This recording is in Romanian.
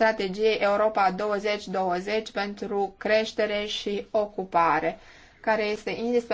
strategiei Europa 2020 pentru creștere și ocupare, care este indispensabilă